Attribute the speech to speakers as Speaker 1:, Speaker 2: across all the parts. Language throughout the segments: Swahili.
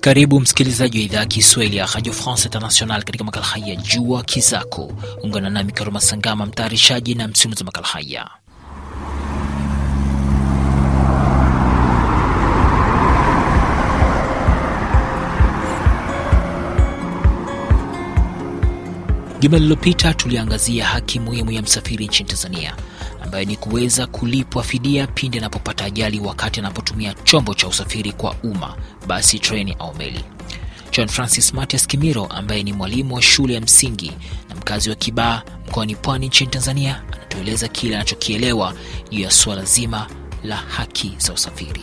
Speaker 1: Karibu msikilizaji wa idhaa ya Kiswahili ya Radio France International katika makala haya Jua Kizako. Ungana nami Karuma Sangama, mtayarishaji na msimuzi wa makala haya. Juma lililopita tuliangazia haki muhimu ya msafiri nchini Tanzania ambayo ni kuweza kulipwa fidia pindi anapopata ajali wakati anapotumia chombo cha usafiri kwa umma, basi, treni au meli. John Francis Matias Kimiro ambaye ni mwalimu wa shule ya msingi na mkazi wa kibaa mkoani Pwani nchini Tanzania anatueleza kile anachokielewa juu ya suala zima la haki za usafiri.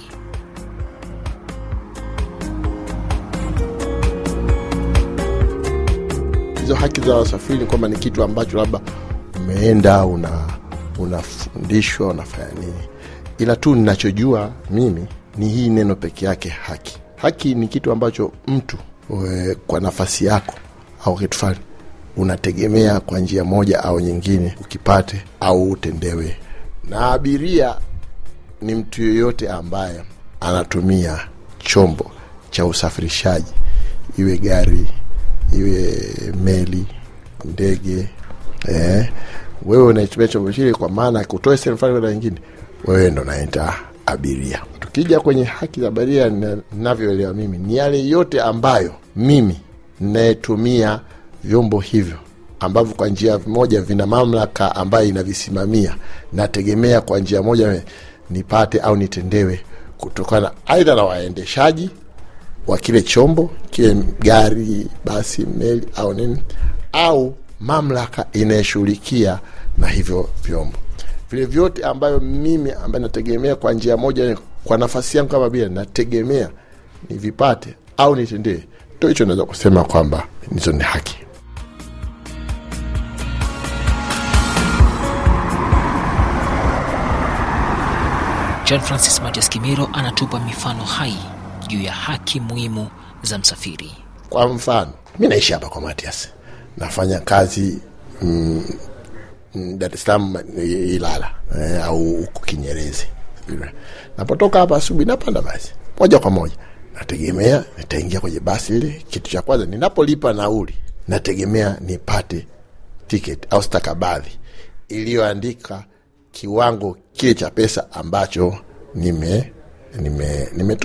Speaker 2: hizo haki za wasafiri ni kwamba ni kitu ambacho labda umeenda unafundishwa una unafanya nini, ila tu ninachojua mimi ni hii neno peke yake haki. Haki ni kitu ambacho mtu we, kwa nafasi yako au kitu fani unategemea kwa njia moja au nyingine ukipate au utendewe. Na abiria ni mtu yoyote ambaye anatumia chombo cha usafirishaji, iwe gari iwe meli, ndege eh, wewe unaitumia chombo chile kwa maana kutoa sehemu fulani kwenda nyingine, wewe ndo naita abiria. Tukija kwenye haki za abiria, ninavyoelewa mimi ni yale yote ambayo mimi ninayetumia vyombo hivyo ambavyo kwa njia moja vina mamlaka ambayo inavisimamia, nategemea kwa njia moja nipate au nitendewe kutokana aidha na waendeshaji wa kile chombo kile, gari, basi, meli au nini, au mamlaka inayeshughulikia na hivyo vyombo vile vyote, ambayo mimi ambaye nategemea kwa njia moja, kwa nafasi yangu kama vile nategemea nivipate au nitendee, ndo hicho naweza kusema kwamba nizo ni haki.
Speaker 1: John Francis Matias Kimiro anatupa mifano hai juu ya haki muhimu za msafiri.
Speaker 2: Kwa mfano, mi naishi hapa kwa Matias, nafanya kazi mm, Dar es Salaam eh, Ilala eh, au huko Kinyerezi. Napotoka hapa asubuhi, napanda basi moja kwa moja, nategemea nitaingia kwenye basi ile. Kitu cha kwanza ninapolipa nauli, nategemea nipate tiketi au stakabadhi iliyoandika kiwango kile cha pesa ambacho nime nimetoa nime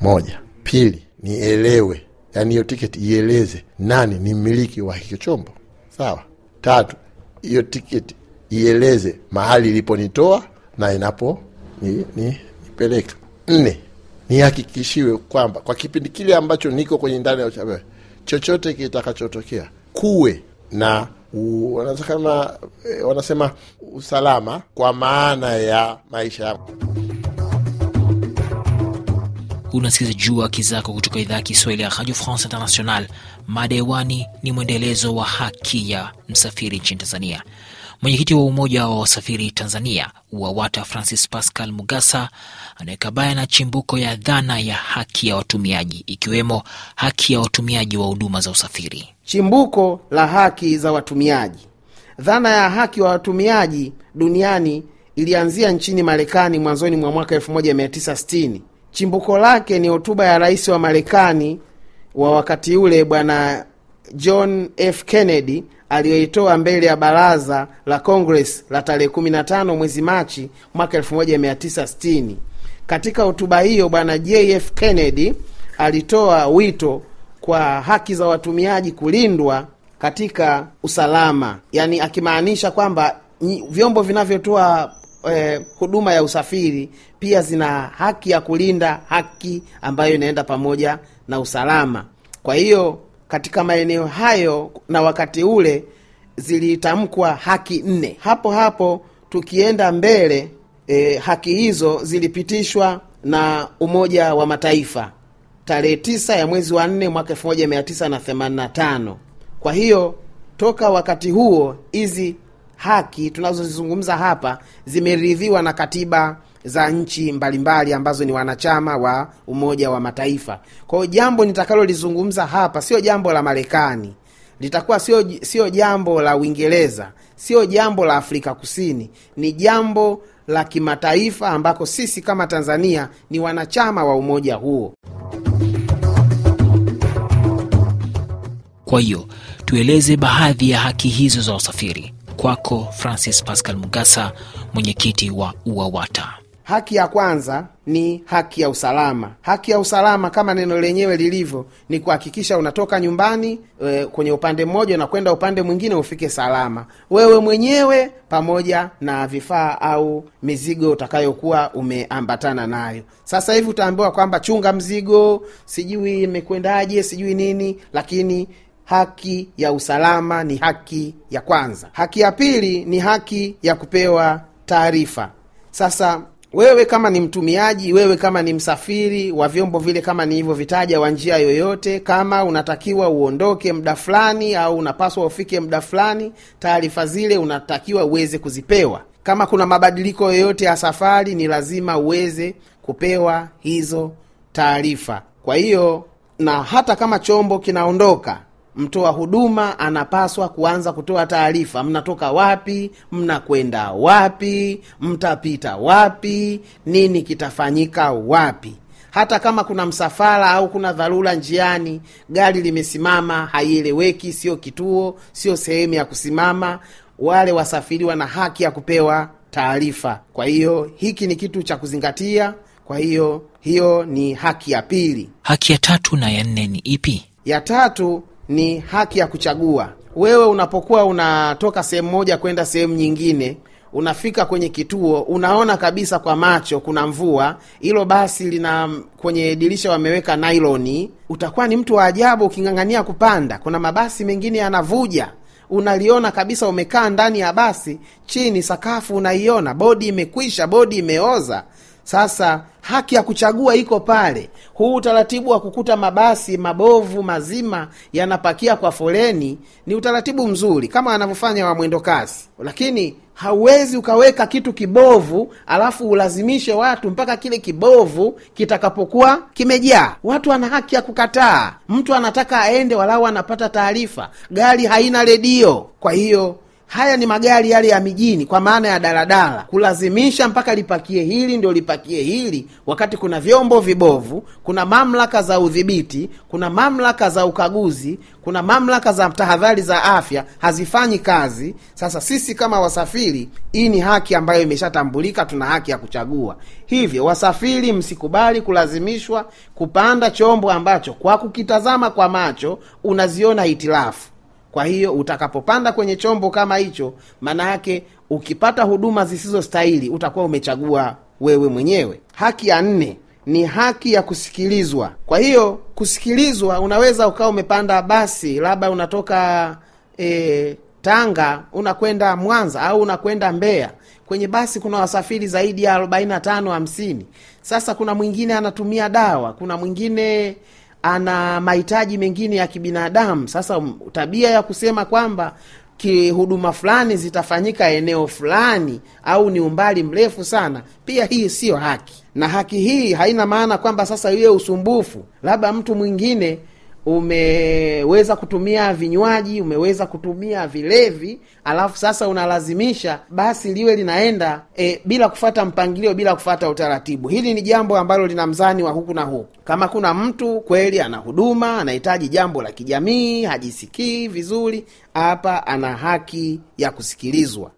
Speaker 2: moja. Pili, nielewe, yani hiyo tiketi ieleze nani ni mmiliki wa hicho chombo, sawa. Tatu, hiyo tiketi ieleze mahali iliponitoa na inapo ni, ni, nipeleka. Nne, nihakikishiwe kwamba kwa kipindi kile ambacho niko kwenye ndani ya uchaguzi, chochote kitakachotokea kuwe na u, wanasema, wanasema usalama kwa maana ya maisha yako.
Speaker 1: Unasikiza Jua Kizako kutoka idhaa ya Kiswahili ya Radio France International. Mada hewani ni mwendelezo wa haki ya msafiri nchini Tanzania. Mwenyekiti wa Umoja wa Wasafiri Tanzania UWAWATA Francis Pascal Mugasa anaweka bayana chimbuko ya dhana ya haki ya watumiaji ikiwemo haki ya watumiaji wa huduma za usafiri.
Speaker 3: Chimbuko la haki za watumiaji. Dhana ya haki wa watumiaji duniani ilianzia nchini Marekani mwanzoni mwa mwaka 1960 chimbuko lake ni hotuba ya rais wa Marekani wa wakati ule bwana John F Kennedy aliyoitoa mbele ya baraza la Congress la tarehe 15 mwezi Machi mwaka 1960. Katika hotuba hiyo bwana JF Kennedy alitoa wito kwa haki za watumiaji kulindwa katika usalama, yani akimaanisha kwamba vyombo vinavyotoa eh, huduma ya usafiri pia zina haki ya kulinda haki ambayo inaenda pamoja na usalama. Kwa hiyo katika maeneo hayo na wakati ule zilitamkwa haki nne. Hapo hapo tukienda mbele eh, haki hizo zilipitishwa na Umoja wa Mataifa tarehe tisa ya mwezi wa 4 mwaka tano. Kwa hiyo toka wakati huo hizi haki tunazozizungumza hapa zimeridhiwa na katiba za nchi mbalimbali mbali ambazo ni wanachama wa Umoja wa Mataifa. Kwa hiyo jambo nitakalolizungumza hapa sio jambo la Marekani, litakuwa sio sio jambo la Uingereza, sio jambo la Afrika Kusini, ni jambo la kimataifa ambako sisi kama Tanzania ni wanachama wa umoja huo.
Speaker 1: Kwa hiyo tueleze baadhi ya haki hizo za usafiri kwako Francis Pascal Mugasa, mwenyekiti wa UWAWATA.
Speaker 3: Haki ya kwanza ni haki ya usalama. Haki ya usalama kama neno lenyewe lilivyo, ni kuhakikisha unatoka nyumbani e, kwenye upande mmoja na kwenda upande mwingine ufike salama, wewe mwenyewe pamoja na vifaa au mizigo utakayokuwa umeambatana nayo. Sasa hivi utaambiwa kwamba chunga mzigo, sijui imekwendaje, sijui nini, lakini haki ya usalama ni haki ya kwanza. Haki ya pili ni haki ya kupewa taarifa. Sasa wewe kama ni mtumiaji, wewe kama ni msafiri wa vyombo vile, kama nilivyovitaja, wa njia yoyote, kama unatakiwa uondoke muda fulani au unapaswa ufike muda fulani, taarifa zile unatakiwa uweze kuzipewa. Kama kuna mabadiliko yoyote ya safari, ni lazima uweze kupewa hizo taarifa. Kwa hiyo, na hata kama chombo kinaondoka mtoa huduma anapaswa kuanza kutoa taarifa. Mnatoka wapi? Mnakwenda wapi? Mtapita wapi? Nini kitafanyika wapi? Hata kama kuna msafara au kuna dharura njiani, gari limesimama, haieleweki, sio kituo, sio sehemu ya kusimama, wale wasafiri wana haki ya kupewa taarifa. Kwa hiyo hiki ni kitu cha kuzingatia. Kwa hiyo hiyo ni haki ya pili.
Speaker 1: Haki ya tatu na ya nne ni ipi?
Speaker 3: Ya tatu ni haki ya kuchagua. Wewe unapokuwa unatoka sehemu moja kwenda sehemu nyingine, unafika kwenye kituo, unaona kabisa kwa macho kuna mvua, hilo basi lina kwenye dirisha wameweka nailoni, utakuwa ni mtu wa ajabu uking'ang'ania kupanda. Kuna mabasi mengine yanavuja unaliona kabisa, umekaa ndani ya basi, chini sakafu unaiona, bodi imekwisha, bodi imeoza. Sasa haki ya kuchagua iko pale. Huu utaratibu wa kukuta mabasi mabovu mazima yanapakia kwa foleni ni utaratibu mzuri kama wanavyofanya wa mwendo kasi, lakini hauwezi ukaweka kitu kibovu alafu ulazimishe watu mpaka kile kibovu kitakapokuwa kimejaa. Watu wana haki ya kukataa. Mtu anataka aende, walau anapata taarifa. Gari haina redio, kwa hiyo haya ni magari yale ya mijini, kwa maana ya daladala, kulazimisha mpaka lipakie hili ndio lipakie hili, wakati kuna vyombo vibovu, kuna mamlaka za udhibiti, kuna mamlaka za ukaguzi, kuna mamlaka za tahadhari za afya hazifanyi kazi. Sasa sisi kama wasafiri, hii ni haki ambayo imeshatambulika, tuna haki ya kuchagua. Hivyo wasafiri, msikubali kulazimishwa kupanda chombo ambacho kwa kukitazama kwa macho unaziona hitilafu kwa hiyo utakapopanda kwenye chombo kama hicho, maana yake ukipata huduma zisizostahili utakuwa umechagua wewe mwenyewe. Haki ya nne ni haki ya kusikilizwa. Kwa hiyo kusikilizwa, unaweza ukawa umepanda basi, labda unatoka e, Tanga unakwenda Mwanza au unakwenda Mbeya. Kwenye basi kuna wasafiri zaidi ya 45 50. Sasa kuna mwingine anatumia dawa, kuna mwingine ana mahitaji mengine ya kibinadamu. Sasa tabia ya kusema kwamba kihuduma fulani zitafanyika eneo fulani au ni umbali mrefu sana, pia hii siyo haki, na haki hii haina maana kwamba sasa iwe usumbufu, labda mtu mwingine umeweza kutumia vinywaji, umeweza kutumia vilevi, alafu sasa unalazimisha basi liwe linaenda e, bila kufata mpangilio, bila kufata utaratibu. Hili ni jambo ambalo lina mzani wa huku na huku. Kama kuna mtu kweli ana huduma, anahitaji jambo la kijamii, hajisikii vizuri, hapa ana haki ya kusikilizwa.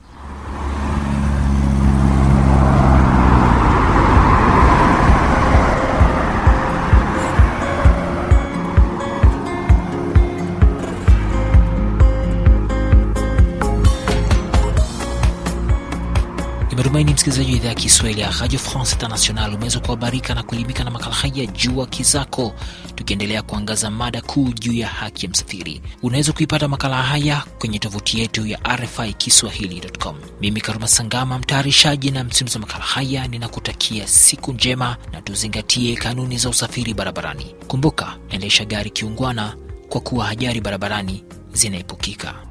Speaker 1: Natumaini msikilizaji wa idhaa ya Kiswahili ya Radio France International umeweza kuhabarika na kuelimika na makala haya juu wa Kizako, tukiendelea kuangaza mada kuu juu ya haki ya msafiri. Unaweza kuipata makala haya kwenye tovuti yetu ya RFI Kiswahili.com. Mimi Karuma Sangama, mtayarishaji na msimuzi wa makala haya, ninakutakia siku njema na tuzingatie kanuni za usafiri barabarani. Kumbuka, endesha gari kiungwana, kwa kuwa ajali barabarani zinaepukika.